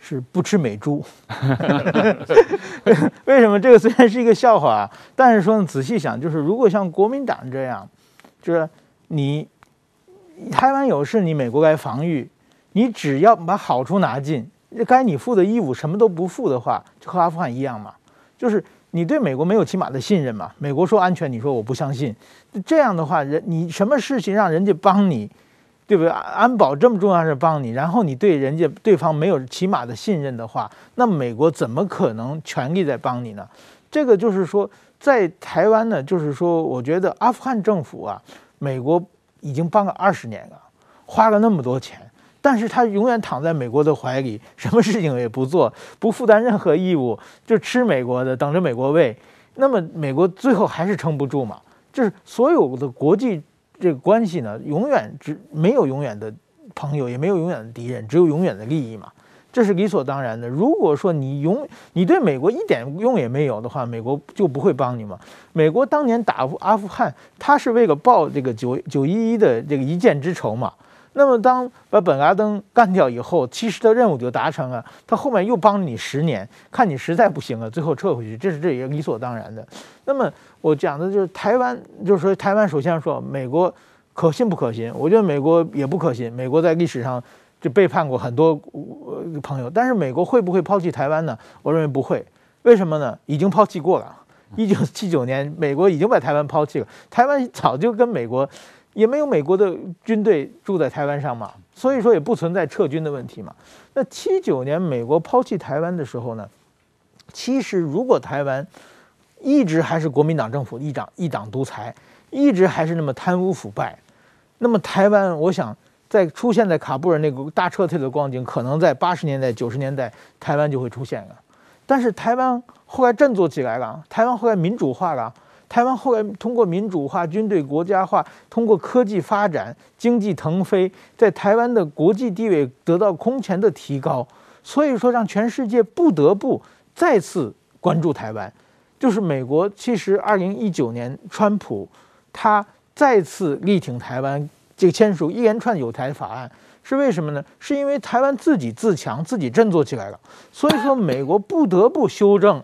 是不吃美豬。為什麼？這個雖然是一個笑話，但是說呢，仔細想，就是如果像國民黨這樣，就是你台灣有事，你美國來防禦。你只要把好處拿盡，該你付的義務什麼都不付的話，就和阿富汗一樣嘛，就是你對美國沒有起碼的信任嘛。美國說安全，你說我不相信，這樣的話，人你什麼事情讓人家幫你，對不對？安保這麼重要的事幫你，然後你對人家對方沒有起碼的信任的話，那美國怎麼可能全力在幫你呢？這個就是說，在台灣呢，就是說，我覺得阿富汗政府啊，美國已經幫了二十年了，花了那麼多錢。但是他永遠躺在美國的懷裡，什麼事情也不做，不負擔任何義務，就吃美國的，等着美國餵。那麼美國最後還是撐不住嘛？就是所有的國際這個關係呢，永遠只沒有永遠的朋友，也沒有永遠的敵人，只有永遠的利益嘛。這是理所當然的。如果說你永你對美國一點用也沒有的話，美國就不會幫你嘛。美國當年打阿富汗，他是為了報這個九九一一的這個一箭之仇嘛。那麼，當把本拉登幹掉以後，其實的任務就達成了。他後面又幫你十年，看你實在不行了，最後撤回去，這是這也理所當然的。那麼，我講的就是台灣，就是說台灣首先說美國可信不可信？我覺得美國也不可信。美國在歷史上就背叛過很多朋友，但是美國會不會拋棄台灣呢？我認為不會。為什麼呢？已經拋棄過了，一九七九年，美國已經把台灣拋棄了。台灣早就跟美國。也沒有美國的軍隊住在台灣上嘛，所以說也不存在撤軍的問題嘛。那七九年美國拋棄台灣的時候呢，其實如果台灣一直還是國民黨政府一黨一黨獨裁，一直還是那麼貪污腐敗，那麼台灣我想在出現在卡布爾那個大撤退的光景，可能在八十年代九十年代台灣就會出現了。但是台灣後來振作起來了，台灣後來民主化了。台灣後來通過民主化、軍隊國家化，通過科技發展、經濟騰飛，在台灣的國際地位得到空前的提高。所以說，讓全世界不得不再次關注台灣。就是美國，其實二零一九年川普他再次力挺台灣，這個簽署一連串友台法案，是為什麼呢？是因為台灣自己自強、自己振作起來了。所以說，美國不得不修正。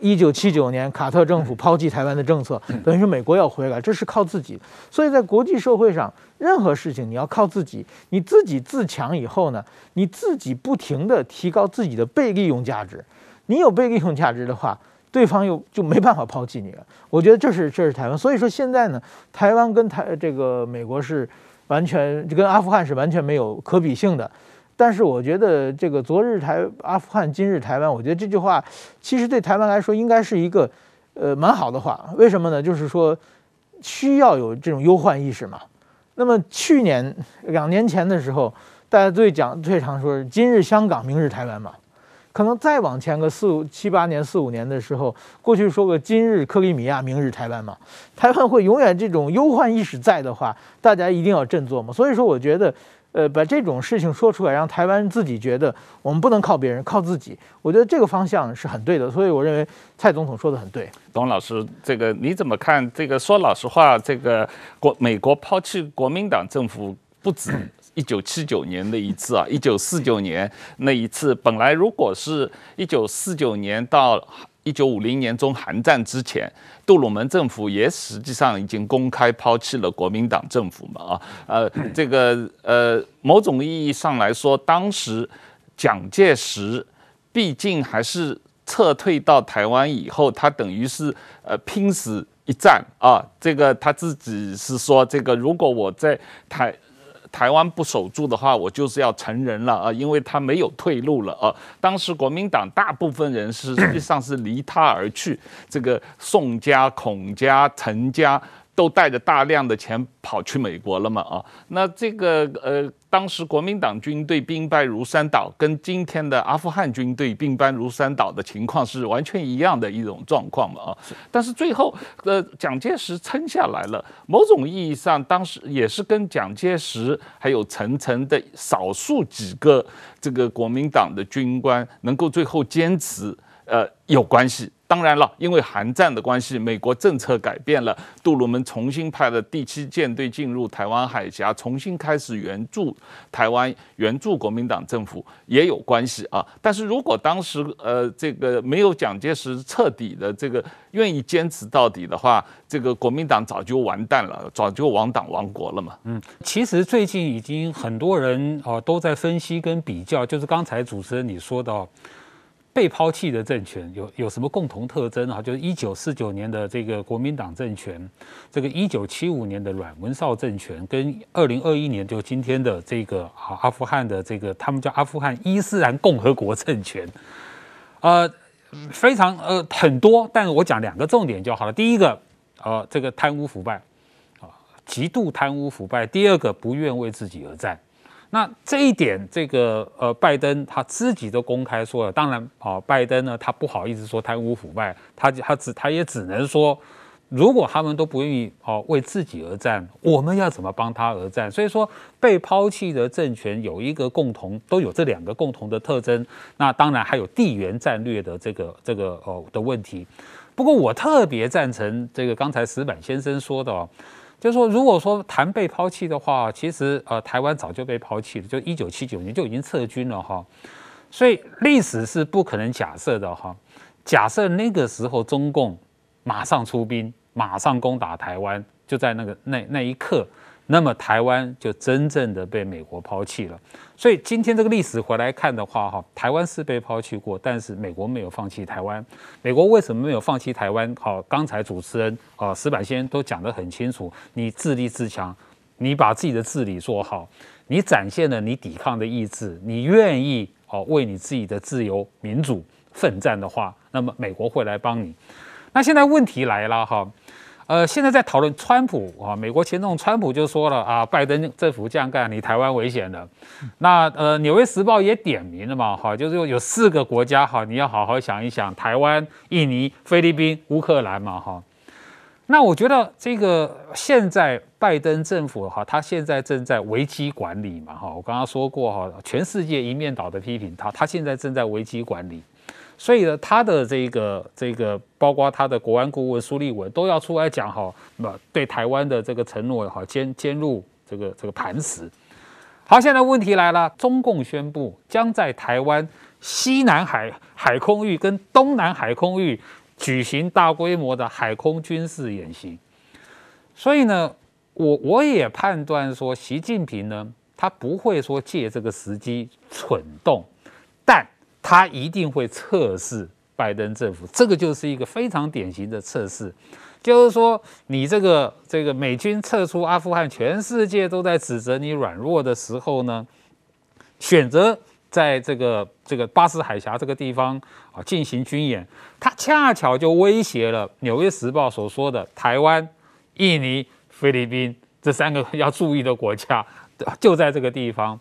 一九七九年，卡特政府拋棄台灣的政策，等於說美國要回來，這是靠自己。所以在國際社會上，任何事情你要靠自己，你自己自強以後呢，你自己不停地提高自己的被利用價值。你有被利用價值的話，對方又就沒辦法拋棄你了。我覺得這是這是台灣。所以說現在呢，台灣跟台這個美國是完全跟阿富汗是完全沒有可比性的。但是我覺得這個昨日台阿富汗，今日台灣，我覺得這句話其實對台灣來說應該是一個，呃，蠻好的話。為什麼呢？就是說需要有這種憂患意識嘛。那麼去年兩年前的時候，大家最講最常說，是今日香港，明日台灣嘛。可能再往前個四五七八年，四五年的時候，過去說個今日克里米亞，明日台灣嘛。台灣會永遠這種憂患意識在的話，大家一定要振作嘛。所以說，我覺得。呃，把這種事情說出來，讓台灣自己覺得我們不能靠別人，靠自己。我覺得這個方向是很對的，所以我認為蔡總統說的很對。董老師，這個你怎麼看？這個說老實話，這個國美國拋棄國民黨政府不止一九七九年的一次啊，一九四九年那一次。本來如果是一九四九年到。一九五零年中韓戰之前，杜魯門政府也實際上已經公開拋棄了國民黨政府嘛啊，呃，這個呃，某種意義上來說，當時蔣介石畢竟還是撤退到台灣以後，他等於是呃拼死一戰啊，啊，這個他自己是說，這個如果我在台。台灣不守住的話，我就是要成人了啊，因為他沒有退路了啊。當時國民黨大部分人是實際上是離他而去，這個宋家、孔家、陳家。都帶着大量的錢跑去美國了嘛？啊，那這個呃，當時國民黨軍隊兵敗如山倒，跟今天的阿富汗軍隊兵敗如山倒的情況是完全一樣的一種狀況嘛？啊，是，但是最後呃，蔣介石撐下來了，某種意義上，當時也是跟蔣介石還有陳誠的少數幾個這個國民黨的軍官能夠最後堅持。呃，有關係。當然了，因為韓戰的關係，美國政策改變了，杜魯門重新派了第七艦隊進入台灣海峽，重新開始援助台灣，援助國民黨政府也有關係啊。但是如果當時呃，這個沒有蔣介石徹底的這個願意堅持到底的話，這個國民黨早就完蛋了，早就亡黨亡國了嘛。嗯，其實最近已經很多人啊都在分析跟比較，就是剛才主持人你說到。被拋棄的政權有有什麼共同特徵啊？就是一九四九年的這個國民黨政權，這個一九七五年的阮文紹政權，跟二零二一年就今天的這個、啊、阿富汗的這個他們叫阿富汗伊斯蘭共和國政權，啊、呃，非常呃很多，但是我講兩個重點就好了。第一個，呃，這個貪污腐敗啊，極度貪污腐敗；第二個，不願為自己而戰。那這一點，這個呃，拜登他自己都公開說了。當然啊，拜登呢，他不好意思說貪污腐敗，他就他只他也只能說，如果他們都不願意哦為自己而戰，我們要怎麼幫他而戰？所以說，被拋棄的政權有一個共同，都有這兩個共同的特徵。那當然還有地緣戰略的這個這個哦的問題。不過我特別贊成這個剛才矢板先生說的、哦。就是說，如果說談被拋棄的話，其實呃，台灣早就被拋棄了，就一九七九年就已經撤軍了哈，所以歷史是不可能假設的哈，假設那個時候中共馬上出兵，馬上攻打台灣，就在那個那那一刻。那麼台灣就真正的被美國拋棄了。所以今天這個歷史回來看的話，哈，台灣是被拋棄過，但是美國沒有放棄台灣。美國為什麼沒有放棄台灣？好，剛才主持人啊矢板先都講得很清楚。你自立自強，你把自己的治理做好，你展現了你抵抗的意志，你願意哦，為你自己的自由民主奮戰的話，那麼美國會來幫你。那現在問題來了，哈。呃，現在在討論川普啊，美國前總統川普就說了啊，拜登政府這樣幹，你台灣危險了。那呃，《紐約時報》也點名了嘛，哈，就是有四個國家哈，你要好好想一想，台灣、印尼、菲律賓、烏克蘭嘛，哈。那我覺得這個現在拜登政府哈，他現在正在危機管理嘛，哈。我剛剛說過哈，全世界一面倒的批評他，他現在正在危機管理。所以呢，他的這個這個，包括他的國安顧問蘇立文都要出來講，好，那對台灣的這個承諾，好，堅堅如這個這個磐石。好，現在問題來了，中共宣布將在台灣西南海海空域跟東南海空域舉行大規模的海空軍事演習。所以呢，我我也判斷說，習近平呢，他不會說借這個時機蠢動。他一定會測試拜登政府，這個就是一個非常典型的測試，就是說，你這個這個美軍撤出阿富汗，全世界都在指責你軟弱的時候呢，選擇在這個這個巴士海峽這個地方啊進行軍演，它恰巧就威脅了《紐約時報》所說的台灣、印尼、菲律賓這三個要注意的國家，就在這個地方。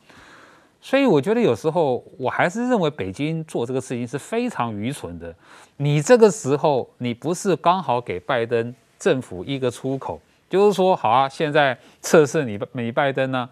所以我覺得有時候我還是認為北京做這個事情是非常愚蠢的。你這個時候，你不是剛好給拜登政府一個出口，就是說好啊，現在測試你美拜登呢、啊，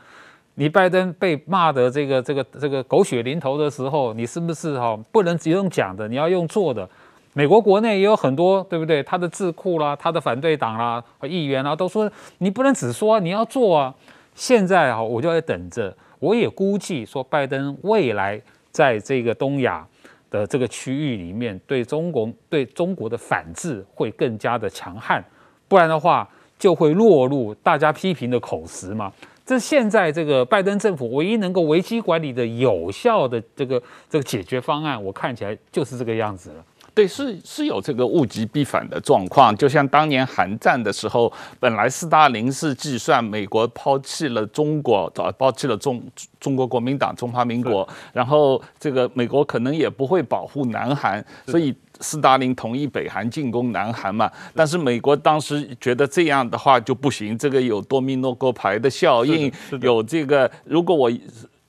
你拜登被罵得這個這個這個狗血淋頭的時候，你是不是哈、啊、不能只用講的，你要用做的？美國國內也有很多對不對？他的智庫啦、啊，他的反對黨啦、啊、議員啦、啊，都說你不能只說、啊，你要做啊。現在哈、啊，我就在等着。我也估計說，拜登未來在這個東亞的這個區域裡面，對中國對中國的反制會更加的強悍，不然的話就會落入大家批評的口實嘛。這現在這個拜登政府唯一能夠危機管理的有效的這個這個解決方案，我看起來就是這個樣子了。對，是是有這個物極必反的狀況，就像當年韓戰的時候，本來斯大林是計算美國拋棄了中國，呃，拋棄了中中國國民黨、中華民國，的然後這個美國可能也不會保護南韓，的所以斯大林同意北韓進攻南韓嘛。是的但是美國當時覺得這樣的話就不行，這個有多米諾骨牌的效應，的有這個如果我。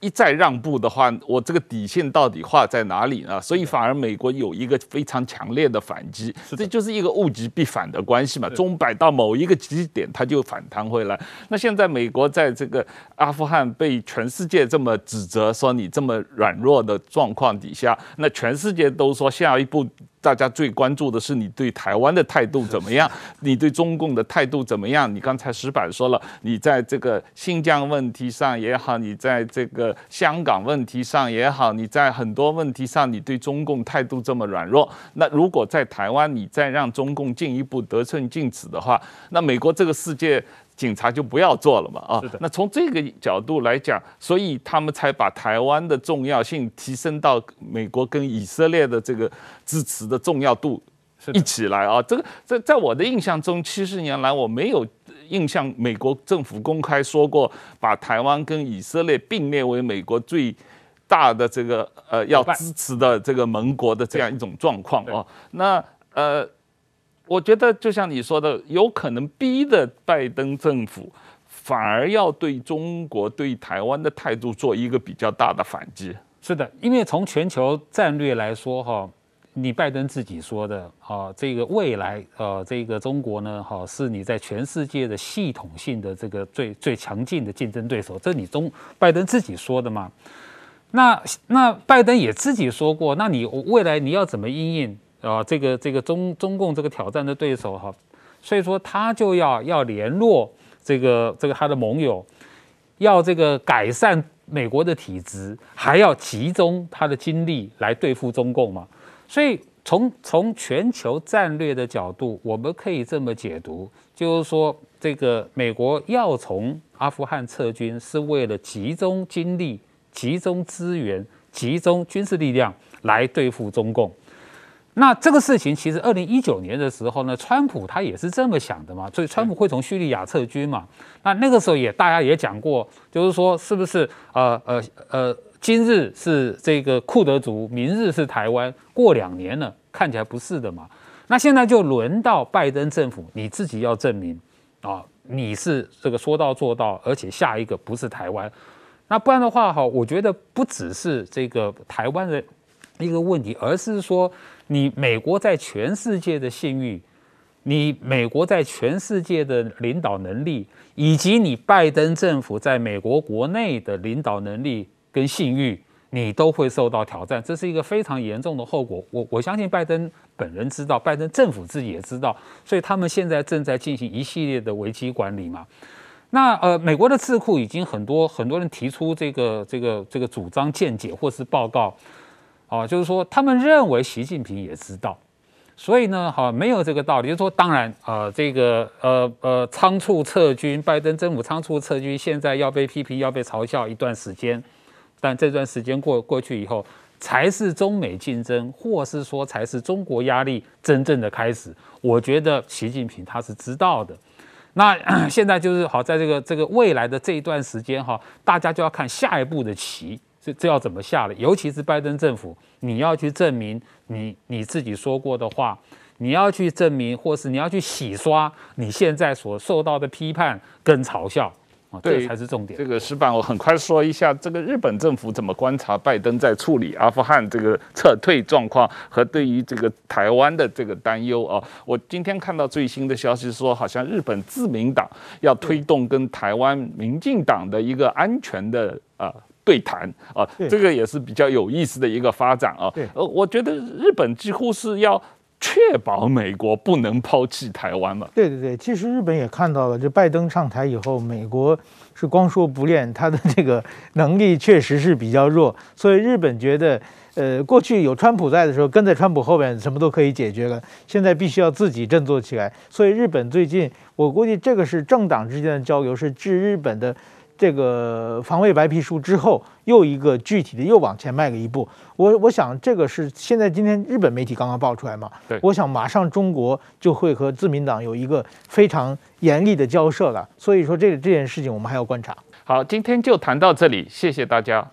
一再讓步的話，我這個底線到底畫在哪裡呢？所以反而美國有一個非常強烈的反擊，的這就是一個物極必反的關係嘛。鐘擺到某一個極點，它就反彈回來。的那現在美國在這個阿富汗被全世界這麼指責，說你這麼軟弱的狀況底下，那全世界都說下一步。大家最關注的是你對台灣的態度怎麼樣？你對中共的態度怎麼樣？你剛才矢板說了，你在這個新疆問題上也好，你在這個香港問題上也好，你在很多問題上你對中共態度這麼軟弱。那如果在台灣你再讓中共進一步得寸進尺的話，那美國這個世界。警察就不要做了嘛啊！是的。那從這個角度來講，所以他們才把台灣的重要性提升到美國跟以色列的這個支持的重要度一起來啊！是的 這個在在我的印象中，七十年來我沒有印象美國政府公開說過把台灣跟以色列並列為美國最大的這個呃要支持的這個盟國的這樣一種狀況哦、啊，對對 那呃。我覺得就像你說的，有可能逼得拜登政府反而要對中國對台灣的態度做一個比較大的反擊。是的，因為從全球戰略來說，哈，你拜登自己說的，啊，這個未來，呃，這個中國呢，哈，是你在全世界的系統性的這個最最強勁的競爭對手，這是你中拜登自己說的嘛？那那拜登也自己說過，那你未來你要怎麼應應？啊，這個這個中中共這個挑戰的對手哈、啊，所以說他就要要聯絡這個這個他的盟友，要這個改善美國的體制，還要集中他的精力來對付中共嘛。所以從從全球戰略的角度，我們可以這麼解讀，就是說這個美國要從阿富汗撤軍，是為了集中精力、集中資源、集中軍事力量來對付中共。那這個事情其實二零一九年的時候呢，川普他也是這麼想的嘛，所以川普會從敘利亞撤軍嘛。那那個時候也大家也講過，就是說是不是呃呃呃，今日是這個庫德族，明日是台灣，過兩年了看起來不是的嘛。那現在就輪到拜登政府你自己要證明啊，你是這個說到做到，而且下一個不是台灣，那不然的話哈、哦，我覺得不只是這個台灣的一個問題，而是說。你美國在全世界的信譽，你美國在全世界的領導能力，以及你拜登政府在美國國內的領導能力跟信譽，你都會受到挑戰。這是一個非常嚴重的後果。我我相信拜登本人知道，拜登政府自己也知道，所以他們現在正在進行一系列的危機管理嘛。那呃，美國的智庫已經很多很多人提出這個這個這個主張見解或是報告。啊、哦，就是說，他們認為習近平也知道，所以呢，好、哦，沒有這個道理。就是、說，當然啊、呃，這個呃呃，倉促撤軍，拜登政府倉促撤軍，現在要被批評，要被嘲笑一段時間，但這段時間過過去以後，才是中美競爭，或是說才是中國壓力真正的開始。我覺得習近平他是知道的。那現在就是好、哦，在這個這個未來的這一段時間哈、哦，大家就要看下一步的棋。這這要怎麼下的，尤其是拜登政府，你要去證明你你自己說過的話，你要去證明，或是你要去洗刷你現在所受到的批判跟嘲笑。對啊，這個、才是重點。這個矢板我很快說一下，這個日本政府怎麼觀察拜登在處理阿富汗這個撤退狀況和對於這個台灣的這個擔憂啊？我今天看到最新的消息說，好像日本自民黨要推動跟台灣民進黨的一個安全的啊。對呃對談啊，對這個也是比較有意思的一個發展啊。對，呃，我覺得日本幾乎是要確保美國不能拋棄台灣嘛。對對對，其實日本也看到了，就拜登上台以後，美國是光說不練，他的這個能力確實是比較弱。所以日本覺得，呃，過去有川普在的時候，跟在川普後面什麼都可以解決了，現在必須要自己振作起來。所以日本最近，我估計這個是政黨之間的交流，是治日本的。這個防衛白皮書之後，又一個具體的又往前邁了一步。我我想，這個是現在今天日本媒體剛剛爆出來嘛？對，我想馬上中國就會和自民黨有一個非常嚴厲的交涉了。所以說，這個這件事情我們還要觀察。好，今天就談到這裡，謝謝大家。